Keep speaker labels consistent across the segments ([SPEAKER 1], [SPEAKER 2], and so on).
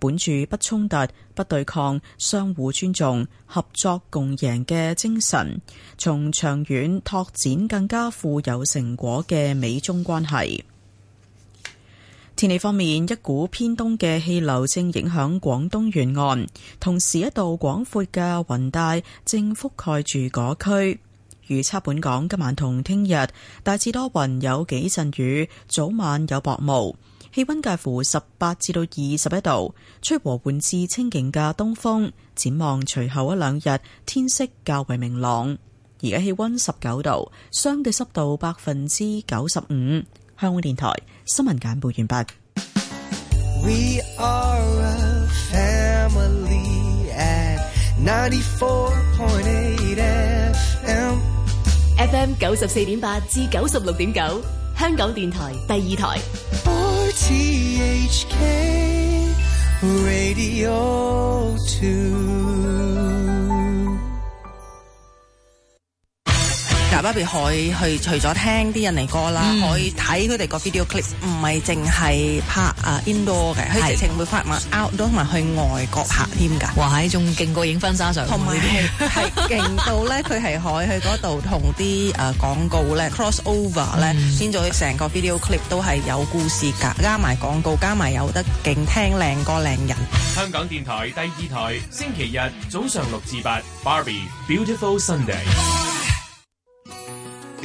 [SPEAKER 1] 本住不衝突、不對抗、相互尊重、合作共贏嘅精神，從長遠拓展更加富有成果嘅美中關係。天氣方面，一股偏東嘅氣流正影響廣東沿岸，同時一道廣闊嘅雲帶正覆蓋住嗰區。預測本港今晚同聽日大致多雲，有幾陣雨，早晚有薄霧。氣溫介乎十八至到二十一度，吹和緩至清勁嘅東風。展望隨後一兩日，天色較為明朗。而家氣溫十九度，相對濕度百分之九十五。香港電台新聞簡報完畢。We
[SPEAKER 2] are a family at 94.8 FM. F M 九
[SPEAKER 1] 十四點八至九十六點九。 香港電台第二台。
[SPEAKER 3] Radio 2阿 Barbie 可以去除咗聽啲印尼歌啦，可以睇佢哋個 video clip，唔係淨係拍啊 indoor 嘅，佢直情會拍埋 outdoor 同埋去外國拍添噶。哇，係仲勁過影婚紗相，同埋係係勁到咧，佢係可以去嗰度同啲誒廣告咧 cross over 咧，先做成個 video clip 都係有故事噶，加埋廣告，加埋有得勁聽靚歌靚人。
[SPEAKER 4] 香港電台第二台星期日早上六至八，Barbie Beautiful Sunday。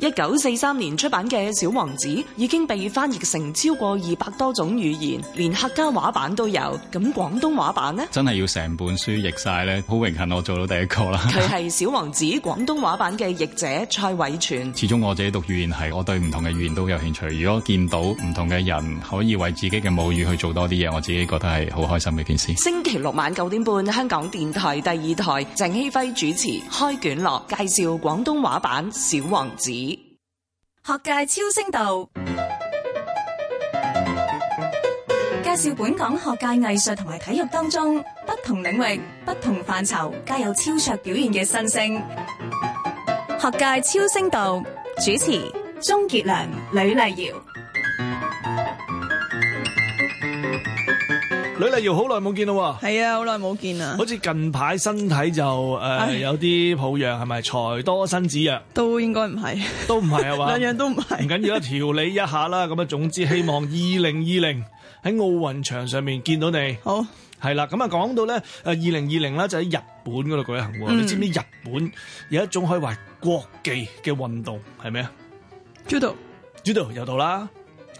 [SPEAKER 1] 一九四三年出版嘅《小王子》已經被翻譯成超過二百多種語言，連客家話版都有。咁廣東話版呢？
[SPEAKER 2] 真係要成本書譯晒咧。好榮幸我做到第一個啦！佢係
[SPEAKER 1] 《小王子》廣東話版嘅譯者蔡偉全。
[SPEAKER 2] 始終我自己讀語言系，我對唔同嘅語言都有興趣。如果見到唔同嘅人可以為自己嘅母語去做多啲嘢，我自己覺得係好開心嘅一件事。
[SPEAKER 1] 星期六晚九點半，香港電台第二台，鄭希輝主持，開卷樂介紹廣東話版《小王子》。學界超聲道介紹本港學界藝術同埋體育當中不同領域、不同範疇皆有超卓表現嘅新星。學界超聲道主持：鍾傑良、呂麗瑤。
[SPEAKER 2] 呂麗瑤好耐冇見咯，
[SPEAKER 3] 係啊，好耐冇見啦。好
[SPEAKER 2] 似近排身體就誒、呃、唉有啲抱恙，係咪？財多身子弱，
[SPEAKER 3] 都應該唔係，
[SPEAKER 2] 都唔係係嘛，兩 樣都唔係。唔緊要啦，調理一下啦。咁啊，總之希望二零二零喺奧運場上面見到你。好，係啦。咁啊，講到咧誒，二零二零咧就喺日本嗰度舉行。嗯、你知唔知日本有一種可以話國技嘅運動係咩啊？Judo Judo 又到啦。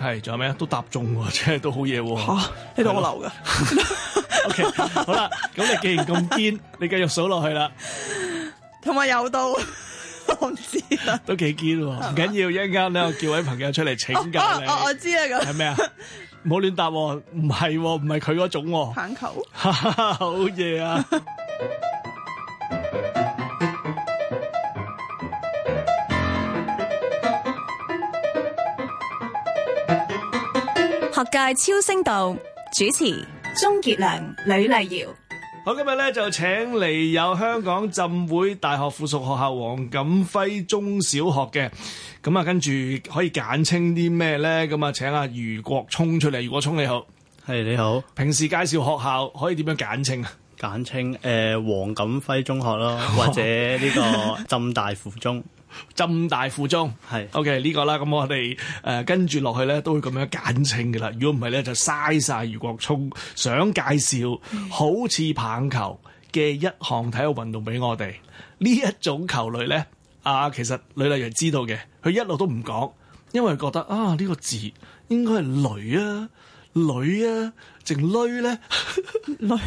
[SPEAKER 2] 係，仲有咩啊？都答中喎，即係都好嘢喎。
[SPEAKER 3] 你同我留㗎。
[SPEAKER 2] o Okay , K， 好啦，咁你既然咁堅， 你繼續數落去啦。
[SPEAKER 3] 同埋有到，
[SPEAKER 2] 我唔知啦。都幾堅喎，唔緊要，一陣間咧我叫位朋友出嚟請教你。啊啊啊啊、我
[SPEAKER 3] 知啊，咁係咩啊？
[SPEAKER 2] 唔好亂答，唔係，唔係佢嗰種。棒球。好嘢啊！
[SPEAKER 1] 學界超聲道主持鍾傑良、呂麗瑤，
[SPEAKER 2] 好，今日咧就請嚟有香港浸會大學附屬學校王錦輝中小學嘅，咁啊，跟住可以簡稱啲咩咧？咁啊，請阿、啊、余珏充出嚟，余珏充你好，係你好，平時介紹學校可以點樣簡稱啊？簡稱誒、呃，王錦輝中學咯，或者呢個浸大附中。浸大附中係是，OK 個、呃、呢個啦，咁我哋誒跟住落去咧，都會咁樣簡稱噶啦。如果唔係咧，就嘥晒余珏充想介紹好似棒球嘅一項體育運動俾我哋呢一種球類咧。啊，其實呂麗瑤知道嘅，佢一路都唔講，因為覺得啊呢、這個字應該係壘啊，壘啊，淨壘咧， 壘。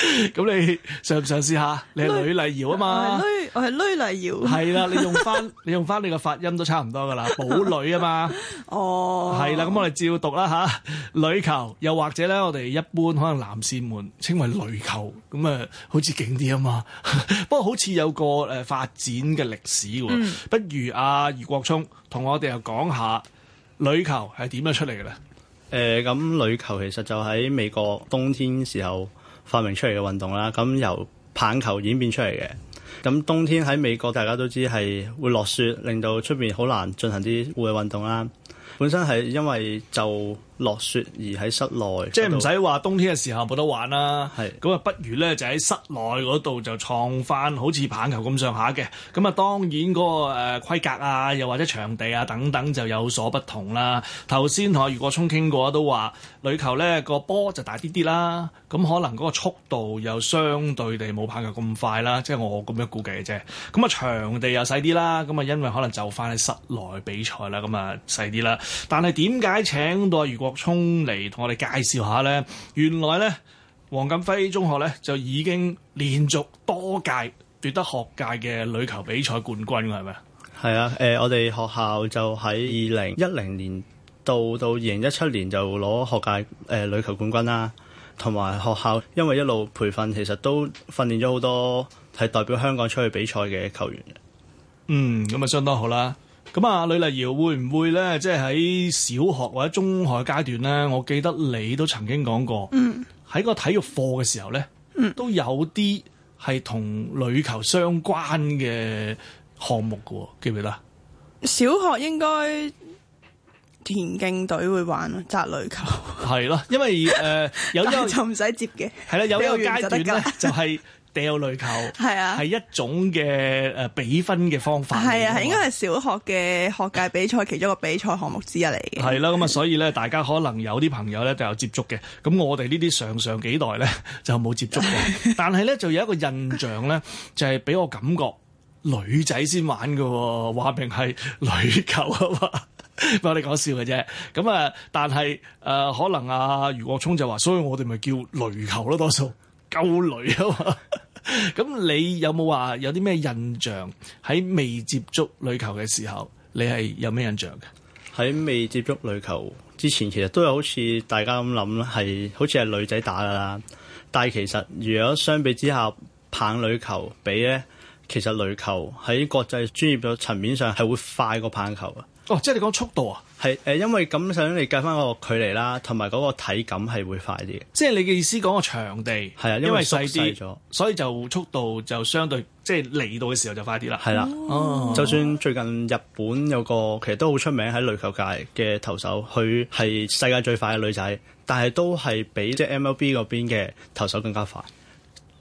[SPEAKER 2] 咁你嘗唔嘗試下？你係呂麗瑤啊嘛，
[SPEAKER 3] 係呂，我係 呂麗嘛瑤。係、oh. 啦，你用
[SPEAKER 2] 翻你用翻你個發音都差唔多噶啦。寶女啊嘛，哦，係啦。咁我哋照讀啦吓，女球又或者咧，我哋一般可能男士們稱為女球，咁、 mm. 啊，好似勁啲啊嘛。不過好似有個誒發展嘅歷史，不如阿余珏充同我哋又講下女球係點樣出嚟嘅
[SPEAKER 4] 咧？誒、呃，咁女球其實就喺美國冬天時候。發明出嚟嘅運動啦，咁由棒球演變出嚟嘅，咁冬天喺美國大家都知係會落雪，令到出面好難進行啲戶外運動啦。本身係因為就落雪而喺室內，即係唔使話冬天嘅時候冇得玩
[SPEAKER 2] 啦。係咁啊，不如咧就喺室內嗰度就創翻好似棒球咁上下嘅。咁啊，當然嗰個誒規格啊，又或者場地啊等等就有所不同啦。頭先同阿余珏充傾過都話壘球咧個波就大啲啲啦。咁可能嗰個速度又相對地冇棒球咁快啦，即係我咁樣估計嘅啫。咁啊，場地又細啲啦。咁啊，因為可能就翻喺室內比賽啦，咁啊細啲啦。但係點解請到阿余珏？沖嚟同我哋介紹下呢。原來呢，王錦輝中學呢，就已經連續多屆奪得學界嘅壘球比賽冠軍，係咪啊？
[SPEAKER 4] 係啊，誒，我哋學校就喺二零一零年到到二零一七年就攞學界誒壘，呃、球冠軍啦，同埋學校因為一路培訓，其實都訓練咗好多係代表香港出去比賽嘅球員。
[SPEAKER 2] 嗯，咁啊相當好啦。咁啊，呂麗瑤會唔會咧？即係喺小學或者中學階段咧？我記得你都曾經講過，喺個、嗯、體育課嘅時候咧，嗯、都有啲係同壘球相關嘅項目嘅，記唔記得？
[SPEAKER 3] 小學應該田徑隊會玩咯，擲壘球。
[SPEAKER 2] 係咯，因為誒有啲就唔
[SPEAKER 3] 使接嘅，係、呃、啦，有個，個階段咧就
[SPEAKER 2] 係、是。掉壘球係啊，係一種嘅、誒比分嘅方法，係啊的，吧應
[SPEAKER 3] 該係小學嘅學界比賽 其中一個比賽項目之一嚟嘅。
[SPEAKER 2] 係啦，咁啊，所以咧，大家可能有啲朋友咧就有接觸嘅，咁我哋呢啲上上幾代咧就冇接觸過，但係咧就有一個印象咧，就係俾我感覺女仔先玩嘅，話明係壘球啊嘛，不過你講笑嘅啫。咁啊，但係誒、呃，可能阿、啊、余珏充就話，所以我哋咪叫壘球咯，多數。溝女啊嘛？咁 你有冇話有啲咩印象？喺未接觸壘球嘅時候，
[SPEAKER 4] 你係有咩印象嘅？喺未接觸壘球之前，其實都係好似大家咁諗啦，係好似係女仔打㗎啦。但係其實如果相比之下，棒壘球比咧，其實壘球喺國際專業嘅層面上係會快過棒球嘅。
[SPEAKER 2] 哦，即係你講速度啊？
[SPEAKER 4] 係誒、呃，因為咁想你計翻個距離啦，同埋嗰個體感係會快啲嘅。即係你嘅意思講個場地係啊，因為細啲咗，所以就
[SPEAKER 2] 速度就相對即係嚟到嘅時候就
[SPEAKER 4] 快啲啦。係啦的，哦，就算最近日本有個其實都好出名喺壘球界嘅投手，佢係世界最快嘅女仔，但係都係比即係 MLB 嗰邊嘅投手更加快。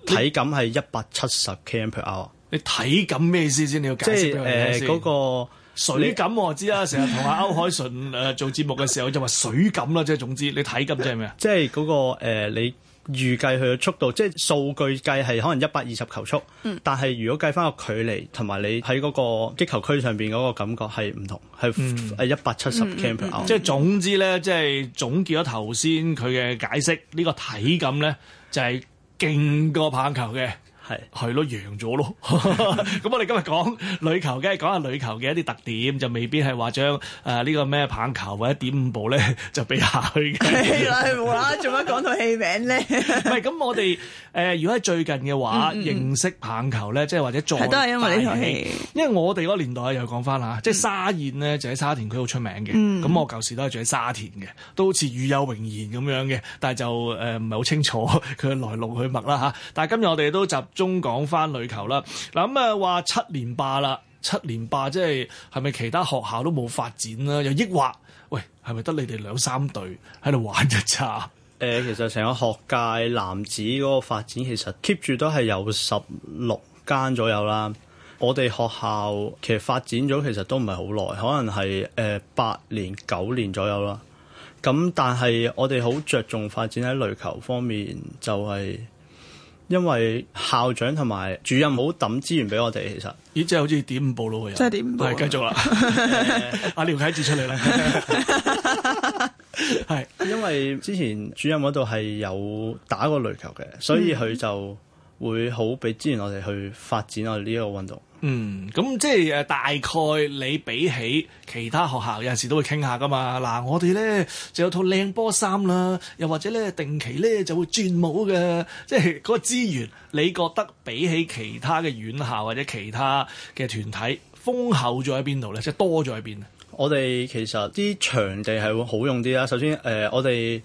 [SPEAKER 4] 你體感係一百七十 km/h 你體感
[SPEAKER 2] 咩意思先？你要解釋即係是誒、呃那個。水感我知啦，成日同阿歐
[SPEAKER 4] 凱順誒、 呃、做節目嘅時候就話水感啦，即係總之你體感就即係咩啊？即係嗰個你預計佢嘅速度，即係數據計係可能一百二十球速，嗯、但係如果計翻個距離同埋你喺嗰個擊球區上邊嗰個感覺係唔同，係誒一百七十 k m 即係總之咧，即係總結咗頭先佢嘅解釋，這個、體呢個體感咧就
[SPEAKER 2] 係、是、勁過棒球嘅。係，係咯，贏咗咯。咁我哋今日講壘球梗係，講下壘球嘅一啲特點，就未必係話將誒呢、呃這個咩棒球或者點五步咧 就比下去
[SPEAKER 3] 嘅。係啦，做乜講套戲名咧？唔
[SPEAKER 2] 係咁，我哋誒、呃、如果喺最近嘅話，嗯嗯認識棒球咧，即係或者再都係因為呢套戲。因為我哋嗰年代又講翻啦，即係沙燕咧，就喺沙田區好出名嘅。咁、嗯、我舊時都係住喺沙田嘅，都好似與有榮焉咁樣嘅，但係就誒唔係好清楚佢嘅來龍去脈啦嚇。但係今日我哋都集。中講返壘球啦，嗱咁啊話、嗯、七連霸啦，七連霸即係係咪其他學校都冇發展啦、啊？又抑或喂，係咪得你哋兩三隊喺度玩嘅咋？
[SPEAKER 4] 誒、呃，其實成個學界男子嗰個發展其實 keep 住都係有十六間左右啦。我哋學校其實發展咗，其實都唔係好耐，可能係誒八年九年左右啦。咁但係我哋好着重發展喺壘球方面，就係、是。因為校長同埋主任冇抌資源俾我哋，其實咦，即係好似點五步咯，又即係點五步，係繼續啦。阿廖啟智出嚟啦，係 是因為之前主任嗰度係有打過壘球嘅，所以佢就。嗯會好俾資源我哋去發展我哋呢一個運動。嗯，
[SPEAKER 2] 咁即係誒、呃、大概你比起其他學校有陣時都會傾下噶嘛。嗱，我哋咧就有套靚波衫啦，又或者咧定期咧就會轉帽嘅，即係嗰、那個資源。你覺得比起其他嘅院校或者其他
[SPEAKER 4] 嘅團體，豐厚咗喺邊度咧？即係多咗喺邊啊？我哋其實啲場地係會好用啲啦。首先，誒、呃、我哋。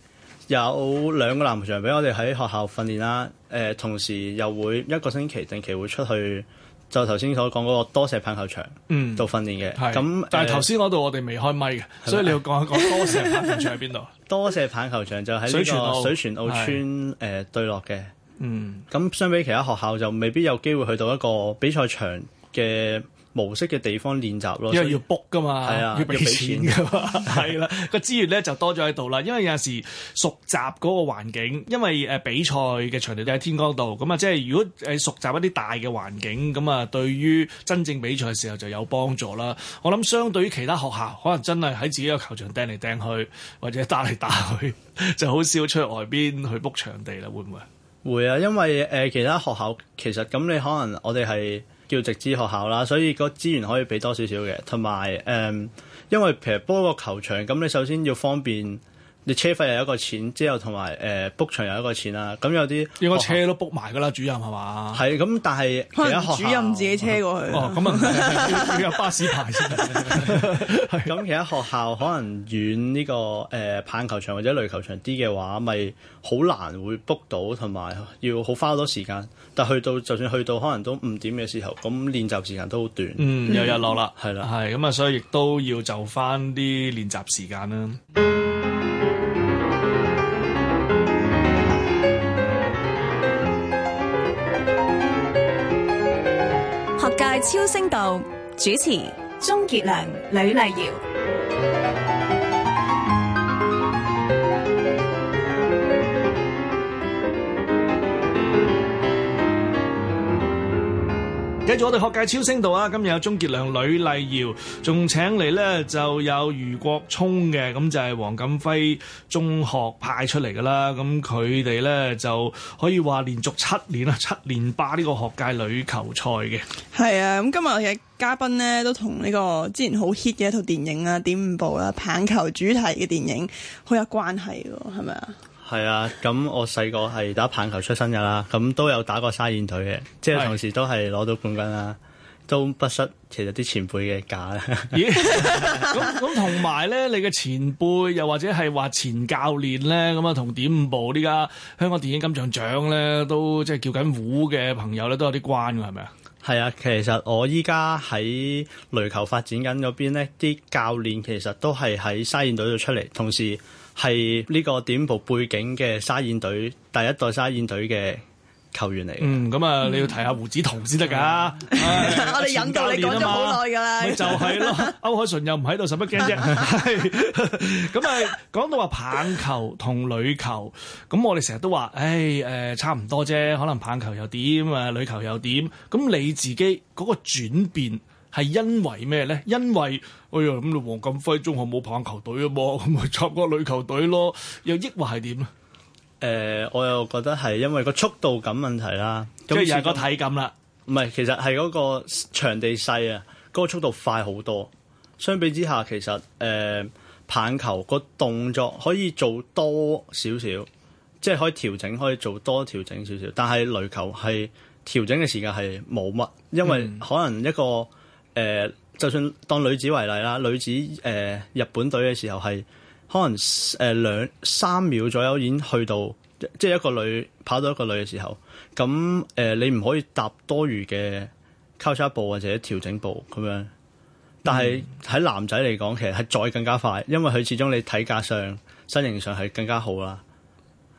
[SPEAKER 4] 有兩個籃球場俾我哋喺學校訓練啦，誒、呃、同時又會一個星期定期會出去，就頭先所講嗰個多石棒球場度、嗯、訓練嘅。咁是那但係頭先嗰度我哋未開咪，嘅，所以你要講一講多石棒球場喺邊度？ 多石棒球場就喺水泉澳水泉澳村誒、呃、對落嘅。
[SPEAKER 2] 嗯，
[SPEAKER 4] 咁相比其他學校就未必有機會去到一個比賽場嘅。模式嘅地方練習咯，因為要 book 噶嘛，啊、要俾錢
[SPEAKER 2] 噶嘛，係啦，個、 啊、 資源咧就多咗喺度啦。因為有陣時熟習嗰個環境，因為誒比賽嘅場地喺天光道。咁啊，即係如果誒熟習一啲大嘅環境，咁啊，對於真正比賽嘅時候就有幫助啦。我諗相對於其他學校，可能真係喺自己個球場掟嚟
[SPEAKER 4] 掟去，或者打嚟打去，就好少出去外邊去 book 場地啦，會唔會？會啊，因為誒、呃、其他學校其實咁，你可能我哋係。叫直資學校啦，所以個資源可以俾多少少嘅，同埋誒，因為譬如波個球場咁，你首先要方便。你車費又一個錢，之後同埋誒 book 場又一個錢啦。咁、嗯、有啲應該車都 book 埋噶啦，主任係嘛？係咁，但係可能主任
[SPEAKER 3] 自己車過去。哦，
[SPEAKER 2] 咁、哦、啊，要
[SPEAKER 4] 有巴士牌。係咁，其他學校可能遠呢、這個誒、呃、棒球場或者壘球場啲嘅話，咪好難會 book 到，同埋要好花好多時間。但去到就算去到可能都五點嘅時候，咁練習時間都好短。嗯，有日落啦，
[SPEAKER 2] 係啦，係咁啊，所以亦都要就翻啲練習時間啦。
[SPEAKER 1] 超聲道主持：鍾傑良、呂麗瑤。
[SPEAKER 2] 繼續我哋學界超聲度啊！今日有鍾傑良、呂麗瑤，仲請嚟咧就有余珏充嘅，咁就係王錦輝中學派出嚟噶啦。咁佢哋咧就可以話連續七年啊，七年霸呢個學界壘球賽嘅。
[SPEAKER 3] 係啊，咁、嗯、今日嘅嘉賓咧都同呢個之前好 hit 嘅一套電影啊，點五部啊，棒球主題嘅電影，好有關係嘅，係咪啊？
[SPEAKER 4] 係啊，咁我細個係打棒球出身噶啦，咁都有打過沙燕隊嘅，即係同時都係攞到冠軍啦，都不失其實啲前輩嘅架咧。咁咁 同埋咧，你嘅前
[SPEAKER 2] 輩又或者係話前教練咧，咁啊同點五步呢家香港電影金像獎
[SPEAKER 4] 咧，都即係叫緊虎嘅朋友咧，都有啲關嘅係咪啊？係啊，其實我依家喺壘球發展緊嗰邊呢，啲教練其實都係喺沙燕隊度出嚟，同時。係呢個點五步背景嘅沙燕隊，第一代沙燕隊嘅球員嚟。嗯，咁啊，你要提下胡子彤先得噶，
[SPEAKER 3] 我哋飲教講咗好耐㗎喇，咪 就係咯，
[SPEAKER 2] 歐 海順又唔喺度，使乜驚啫？咁啊，講到話棒球同壘球，咁我哋成日都話，唉，誒，差唔多啫，可能棒球又點啊，壘球又點？咁你自己嗰個轉變？係因為咩咧？因為哎呀，咁你王錦輝中學冇棒球隊啊嘛，
[SPEAKER 4] 咁咪插個壘球隊咯？又抑或係點咧？誒、呃，我又覺得係因為個速度感問題啦，那個、即係個體感啦。唔係，其實係嗰個場地細啊，嗰、那個速度快好多。相比之下，其實誒、呃、棒球個動作可以做多少少，即、就、係、是、可以調整，可以做多點點調整少少。但係壘球係調整嘅時間係冇乜，因為可能一個。嗯誒、呃，就算當女子為例啦，女子誒、呃、日本隊嘅時候係可能誒兩三秒左右已經去到，即係一個女跑到一個女嘅時候，咁誒、呃、你唔可以搭多餘嘅交叉步或者調整步咁樣。但係喺男仔嚟講，其實係再更加快，因為佢始終你體格上、身形上係更加好啦。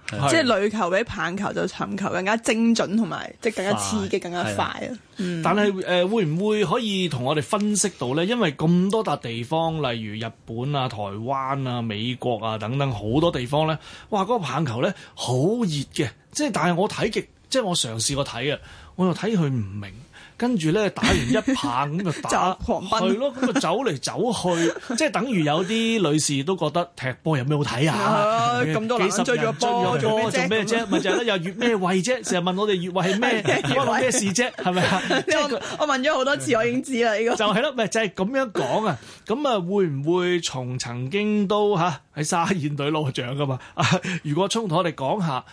[SPEAKER 4] 即係
[SPEAKER 3] 壘球比棒球就尋求更加精準同埋，即係更加刺激、更加快啊！的嗯、但係誒、
[SPEAKER 4] 呃、會
[SPEAKER 2] 唔會可以同我哋分析到咧？因為咁多笪地方，例如日本啊、台灣啊、美國啊等等好多地方咧，哇！嗰個棒球咧好熱嘅，即係但係我睇極，即係我嘗試過睇啊，我又睇佢唔明。跟住咧打完一棒咁就打，係咯，咁就走嚟走去，即係等於有啲女士都覺得踢波有咩好睇啊？咁、 啊、多幾十場波，做咩啫？咪就係咯， 又越咩位啫？成日問我哋越位係咩？越位咩事啫？係
[SPEAKER 3] 咪啊？即係、就是、 我問咗好多次， 我已
[SPEAKER 2] 經知啦。依、這個就係咯，咪就係咁樣講啊！咁啊，會唔會從曾經都嚇係、啊、沙燕隊攞獎噶嘛？ 如果衝突我，我哋講下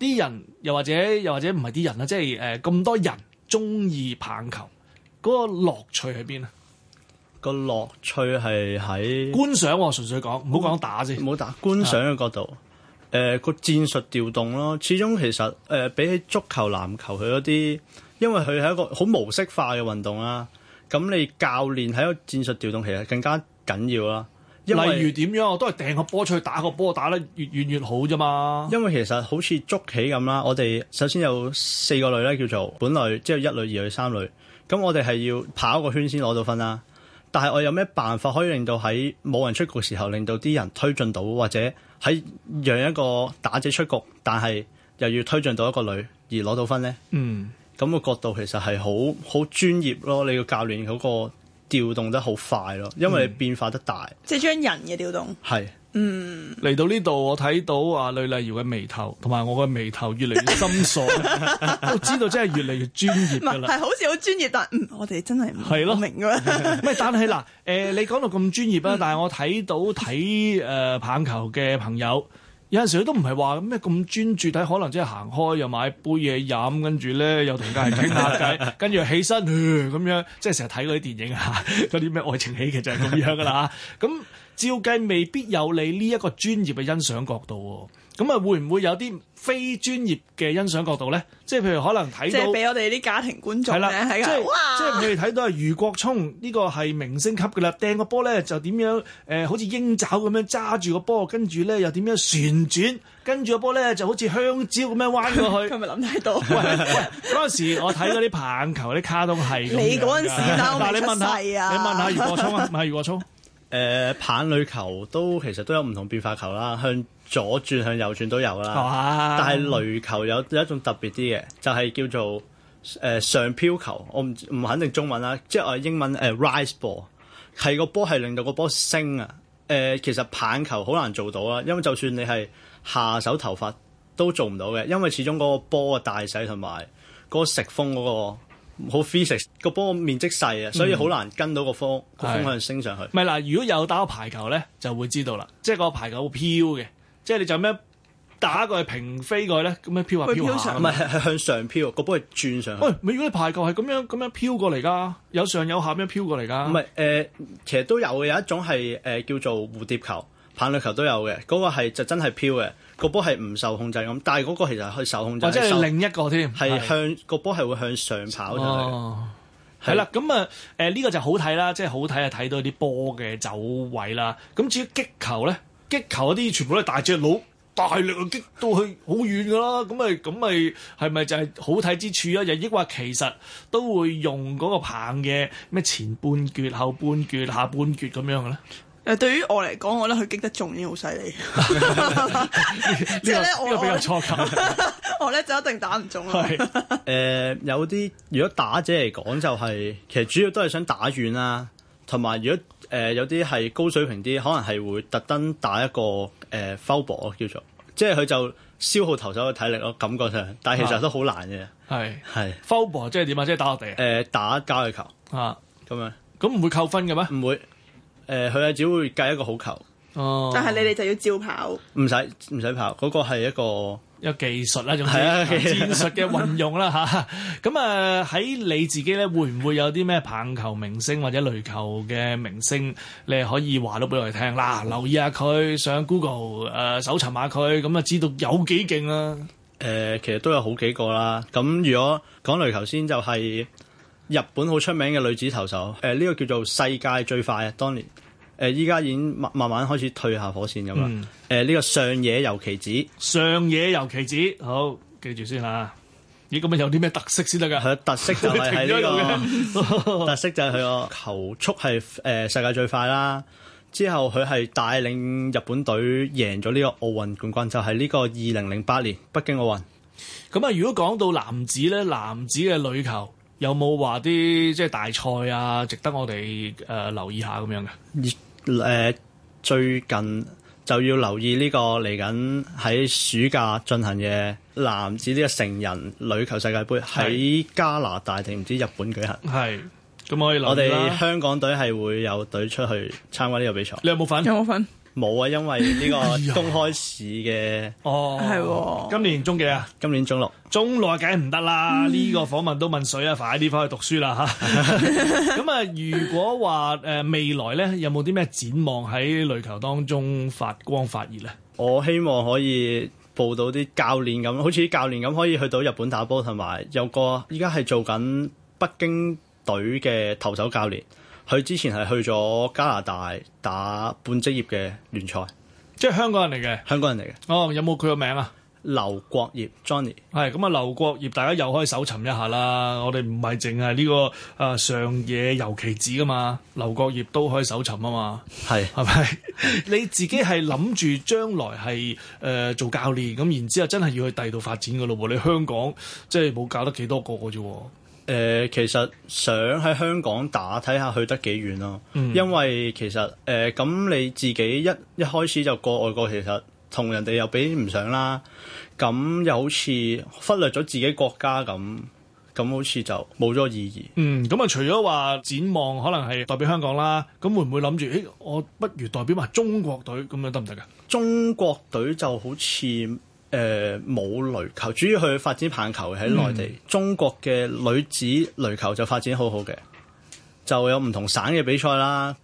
[SPEAKER 2] 啲人，又或者又或者唔係啲人啦，即係誒咁多人。中意棒球嗰個樂
[SPEAKER 4] 趣喺邊啊？個樂趣係喺觀賞，純粹講，唔好講打先，唔好打觀賞嘅角度。誒個戰術調動咯，始終其實誒比起足球、籃球佢嗰啲，因為佢係一個好模式化嘅運動啦。咁你教練喺個戰術調動其實更加緊要啦。例如點樣我都係掟個波出去打個波，打得越遠越好啫嘛。因為其實好似捉棋咁啦，我哋首先有四個壘咧，叫做本壘，即係一壘、二壘、三壘。咁我哋係要跑一個圈先攞到分啦。但係我有咩辦法可以令到喺冇人出局時候，令到啲人推進到，或者喺讓一個打者出局，但係又要推進到一個壘而攞到分呢？嗯，咁個角度其實係好好專業咯。你個教練嗰個。調動得好快咯，因為變化得大。嗯、
[SPEAKER 3] 即係將人嘅調動。係，嗯。
[SPEAKER 4] 嚟到呢度，我睇到啊呂麗瑤嘅眉頭，同埋我嘅眉頭越嚟越深
[SPEAKER 2] 鎖，我知道真係越嚟越專業噶啦。係好
[SPEAKER 3] 似好專業，但係唔，我哋真係
[SPEAKER 2] 唔明噶啦。咩、呃？但係嗱，誒，你講到咁專業啦，但係我睇到睇誒棒球嘅朋友。有陣時都唔係話咩咁專注睇，可能即係行開又買杯嘢飲，呢跟住咧又同家人傾下偈，跟住起身咁、呃、樣，即係成日睇嗰啲電影啊，嗰啲咩愛情喜劇就係咁樣噶啦。咁照計未必有你呢一個專業嘅欣賞角度喎。咁啊，會唔會有啲非專業嘅欣賞角度咧？即係譬如可能睇到，即俾我哋啲家
[SPEAKER 3] 庭觀眾咧，係啦，即係即係佢哋
[SPEAKER 2] 睇到係余國聰呢、呢個係明星級嘅啦，掟個波咧就點樣誒、呃？好似鷹爪咁樣揸住個波，跟住咧又點樣旋轉，跟住個波咧就好似香蕉咁樣彎過去。佢
[SPEAKER 3] 咪諗太多？
[SPEAKER 2] 嗰陣時我睇嗰啲棒球啲卡通係，你嗰陣時啊？嗱、啊，你問下， 你問下，你問下余國聰啊？唔係余國聰？
[SPEAKER 4] 呃、棒壘球都其實都有唔同變化球啦，向，左轉向右轉都有啦，哦啊、但係壘球有有一種特別啲嘅，就係、是、叫做誒、呃、上飄球，我唔唔肯定中文啦，即係我英文誒、呃、rise ball，係個波係令到個波升啊！誒、呃、其實棒球好難做到啦，因為就算你係下手投法都做唔到嘅，因為始終嗰個波嘅大細同埋嗰個食風嗰、那個好 physics，個波個面積細啊，所以好難跟到個風、嗯、個風向上升上去。唔係嗱，如果有打過排球咧，就會知道啦，即、就、係、
[SPEAKER 2] 是、個排球好飄嘅。即係你就咩打過去平飛過去咧，咁樣飄啊飄下，唔係係
[SPEAKER 4] 向上飄個波係轉上去。喂、哎，咪如果你排球係咁樣咁樣飄過嚟噶，有上有下咁樣飄過嚟噶？唔係誒，其實都有嘅，有一種係誒、呃、叫做蝴蝶球、棒壘球都有嘅，嗰、那個係就真係飄嘅，個波係唔受控制咁，但係嗰個其實係受控制。或者係另
[SPEAKER 2] 一個添，係是向
[SPEAKER 4] 個波係會向上跑嘅。係啦、
[SPEAKER 2] 啊，咁啊誒呢個就好睇啦，即、就、係、是、好睇啊睇到啲波嘅走位啦。咁至於擊球咧？擊球嗰啲全部都係大隻佬，大力啊擊到去好遠噶啦，咁咪咁咪係咪就係好睇之處啊？又抑或其實都會用嗰個棒嘅咩前半橛、後半橛、下半橛咁樣嘅
[SPEAKER 3] 咧？誒，對於我嚟講，我覺得佢擊得中已經好犀利，
[SPEAKER 4] 即係咧我我比較初級，
[SPEAKER 3] 我咧就一定打唔中啦。
[SPEAKER 4] 誒、 呃，有啲如果打者嚟講就係、是、其實主要都係想打遠啦，同埋如果。誒、呃、有啲係高水平啲，可能係會特登打一個誒 foul ball、呃、叫做，即係佢就消耗投手嘅體力咯，感覺上，但係其實都好難嘅。係係 foul ball 即係點啊？係。即係打落地誒、呃，打交嘅球啊，咁樣，咁唔會扣分嘅咩？唔會，誒佢係只會計一個好球。哦，但係
[SPEAKER 3] 你哋就要照跑，
[SPEAKER 4] 唔使唔使跑嗰個係一個。有技術啦，仲有戰
[SPEAKER 2] 術嘅運用啦嚇。咁啊喺你自己咧，會唔會有啲咩棒球明星或者壘球嘅明星，你可以話到俾我哋聽啦？留意下佢
[SPEAKER 4] 上 Google 誒、呃、搜尋下佢，咁啊知道有幾勁啦。誒、呃，其實都有好幾個啦。咁如果講壘球先，就係日本好出名嘅女子投手，誒、呃、呢、這個叫做世界最快，當年。誒，依家、呃、已經慢慢慢開始退下火線咁啦。誒、嗯、呢、呃、這個上野由岐子，上野由岐子，好記住先吓。
[SPEAKER 2] 咦，咁啊有啲咩特色先得噶？佢嘅特色就係呢、 這個，
[SPEAKER 4] 呢 特色就係佢個球速係誒、呃、世界最快啦。之後佢係帶領日本隊贏咗呢個奧運冠軍，就係、是、呢個二零零八年北京奧運。咁啊，如果講到男子咧，男子嘅壘球。有冇話啲即係大賽啊，值得我哋誒、呃、留意下咁樣嘅？誒，最近就要留意呢、這個嚟緊喺暑假進行嘅男子呢個成人壘球世界杯，喺是加拿大定唔知日本舉行？
[SPEAKER 2] 係是。
[SPEAKER 4] 咁可以留意啦。我哋香港隊係會有隊出去參加呢個比賽。你有冇份？有冇份？冇啊，因為呢個公開試嘅 哦，係、哦，今年中幾啊？今年中六，
[SPEAKER 2] 中六啊，梗係唔得啦！呢個訪問都問水啊，快啲翻去讀書啦吓！咁啊，如果話誒未來咧，有冇啲咩展望喺壘球當中發光發熱咧？
[SPEAKER 4] 我希望可以報到啲教練咁，好似啲教練咁，可以去到日本打波，同埋有個依家係做緊北京隊嘅投手教練。佢之前係去咗加拿大打半職業嘅聯賽，即係香港人嚟嘅。香港人嚟嘅。哦，有冇佢個名啊？劉國業，Johnny。係咁啊，
[SPEAKER 2] 劉國業，大家又可以搜尋一下啦。我哋唔係淨係呢個誒、呃、上野由岐子噶嘛，劉國業都可以搜尋啊嘛。係係咪？是吧 你自己係諗住將來係誒、呃、做教練咁，然之後真係要去第二度發展噶咯？你香港即係冇教得幾多個嘅啫。
[SPEAKER 4] 誒、呃，其實想喺香港打睇下去得幾遠咯，嗯、因為其實誒咁、呃、你自己一一開始就過外國，其實同人哋又比唔上啦，咁又好似忽略咗自己國家咁，咁好似就冇咗意義。嗯，咁啊，除咗話展
[SPEAKER 2] 望可能係代表香港啦，咁會唔會諗住誒，我不如代表埋中國隊咁樣得唔
[SPEAKER 4] 得㗎？中國隊就好似。誒，冇、呃、壘球，主要去發展棒球喺內地。嗯、中國嘅女子壘球就發展好好嘅，就有唔同省嘅比賽啦。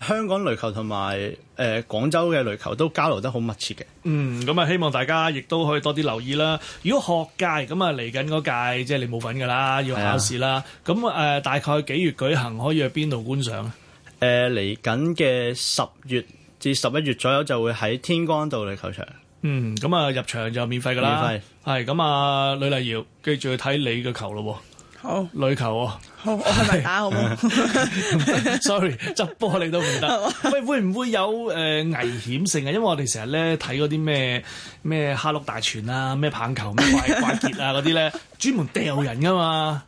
[SPEAKER 4] 香港壘球同埋誒廣州嘅壘球都交流得好密切嘅。
[SPEAKER 2] 嗯，咁啊，希望大家亦都可以多啲留意啦。如果學界咁啊，嚟緊嗰屆即係你冇份噶啦，要考試啦。咁誒、啊呃，大概幾月舉行？可以去邊度觀賞
[SPEAKER 4] 啊？誒、呃，嚟緊嘅十月至十一月左右就會喺天光道壘球場。
[SPEAKER 2] 嗯，咁啊，入場就免費噶啦，免費，係咁啊，呂麗瑤，跟住要睇你嘅球咯，好壘球啊，
[SPEAKER 3] 好我係咪打好
[SPEAKER 2] Sorry 執波你都唔得，喂，會唔會有誒、呃、危險性啊？因為我哋成日咧睇嗰啲咩咩哈碌大全啊，咩棒球咩怪怪傑啊嗰啲咧，專門掉人噶嘛。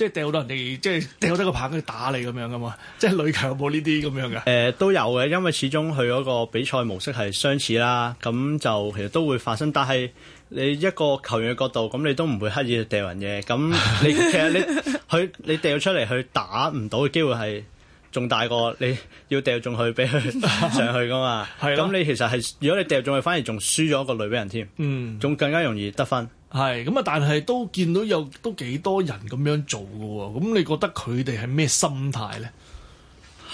[SPEAKER 2] 即係掉好多人哋，即係掉得個棒去打你咁樣噶嘛？即係女壘有冇呢啲咁樣噶？
[SPEAKER 4] 誒、呃、都有嘅，因為始終佢嗰個比賽模式係相似啦，咁就其實都會發生。但係你一個球員嘅角度，咁你都唔會刻意去掉人嘅。咁你 其實你佢你掉出嚟，去打唔到嘅機會係仲大過你要掉中去俾佢上去噶嘛？係咁 你其實係如果你掉中去，反而仲輸咗個壘俾人添，仲、嗯、更加容易得分。係咁啊！但係
[SPEAKER 2] 都見到有都幾多人咁樣做嘅喎，咁你覺得佢哋係咩心態呢？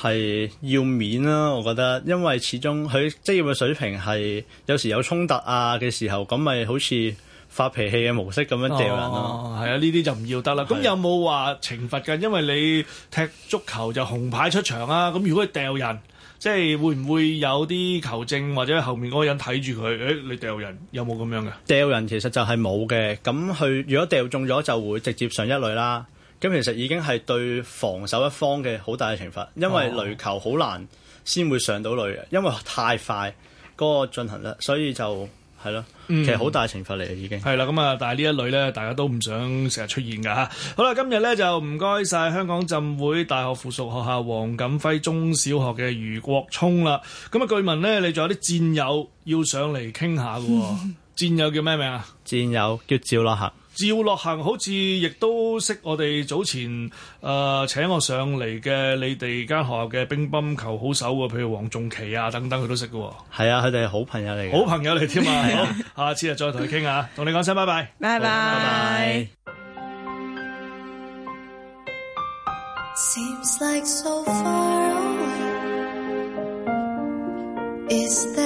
[SPEAKER 4] 係要面啦、啊，我覺得，因為始終佢職業嘅水平係有時有衝突啊嘅時候，咁咪好似發脾氣嘅模式咁樣掉人咯。
[SPEAKER 2] 係啊，呢啲、哦啊、就唔要得啦。咁、啊、有冇話懲罰㗎？因為你
[SPEAKER 4] 踢足球
[SPEAKER 2] 就紅牌出場啊。咁如果係掉人？即係會唔會有啲球證或者後面嗰個人睇住佢？誒，你掉人有冇咁樣嘅？
[SPEAKER 4] 掉人其實就係冇嘅。咁佢如果掉中咗，就會直接上一壘啦。咁其實已經係對防守一方嘅好大嘅懲罰，因為壘球好難先會上到壘嘅，因為太快嗰個進行率，所以就。係咯，嗯、其實好大懲罰嚟嘅已經。係啦，咁啊，但係呢一類咧，大家
[SPEAKER 2] 都唔想成日出現㗎嚇。好啦，今日咧就唔該晒香港浸會大學附屬學校王錦輝中小學嘅余珏充啦。咁啊，據聞咧，你仲有啲戰友要上嚟傾下㗎喎。嗯、
[SPEAKER 4] 戰友叫咩名啊？戰友叫趙立行。
[SPEAKER 2] 趙樂恆好似亦都識我哋早前誒、呃、請我上嚟嘅你哋間學校嘅乒乓球好手啊，譬如黃仲琪啊等等，佢都識嘅。係啊，佢哋係好朋友嚟嘅，好朋友嚟添啊！ 好，下次啊再同佢傾下，同 你講聲拜拜，
[SPEAKER 1] 拜
[SPEAKER 2] 拜，
[SPEAKER 1] 拜拜 bye。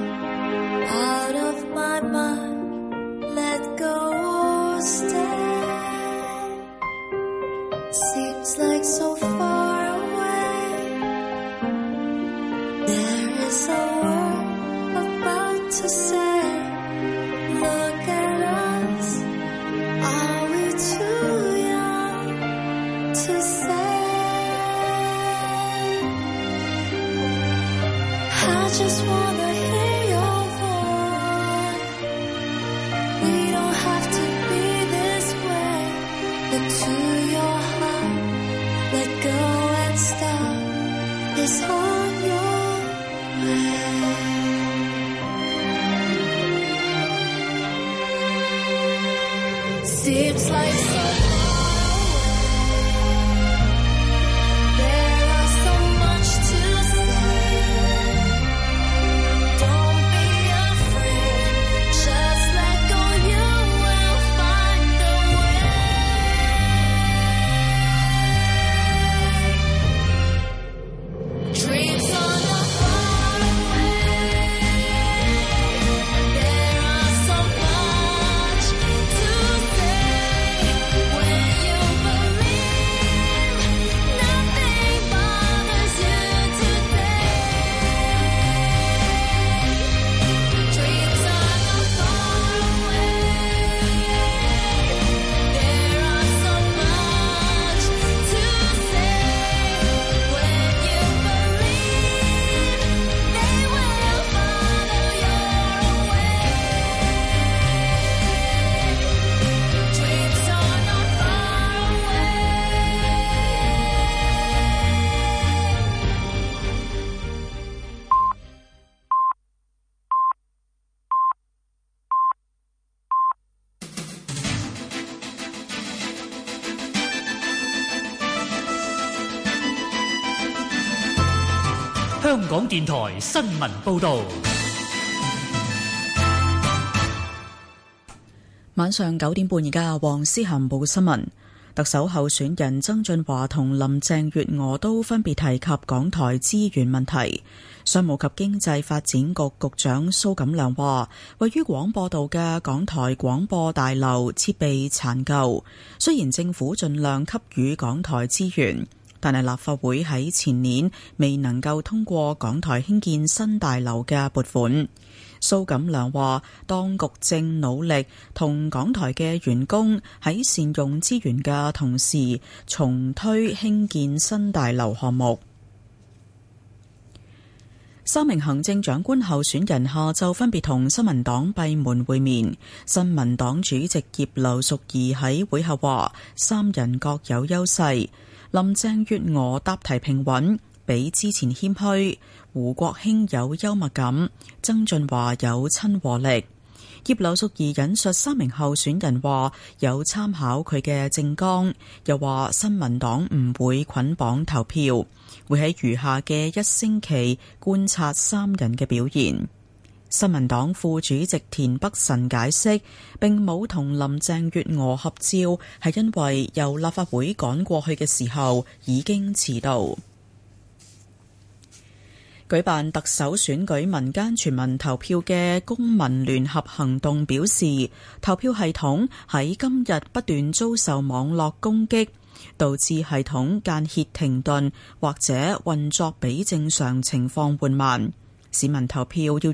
[SPEAKER 1] 電台新聞報道，晚上九點半，而家黃思涵報新聞，特首候選人曾俊華同林鄭月娥都分別提及港台資源問題。商務及經濟發展局局長蘇錦樑話，位於廣播道嘅港台廣播大樓設備殘舊，雖然政府盡量給予港台資源。但係，立法會喺前年未能夠通過港台興建新大樓嘅撥款。蘇錦良話，當局正努力同港台嘅員工喺善用資源嘅同時，重推興建新大樓項目。三名行政長官候選人下晝分別同新民黨閉門會面。新民黨主席葉劉淑儀喺會後話，三人各有優勢。林鄭月娥答題平穩，比之前謙虛；胡國興有幽默感，曾俊華有親和力。葉劉淑儀引述三名候選人話，有參考佢嘅政綱，又話新民黨唔會捆綁投票，會喺餘下嘅一星期觀察三人嘅表現。新民黨副主席田北辰解釋，並冇同林鄭月娥合照，係因為由立法會趕過去嘅時候已經遲到。舉辦特首選舉民間全民投票嘅公民聯合行動表示，投票系統喺今日不斷遭受網絡攻擊，導致系統間歇停頓或者運作比正常情況緩慢。市民投票要用。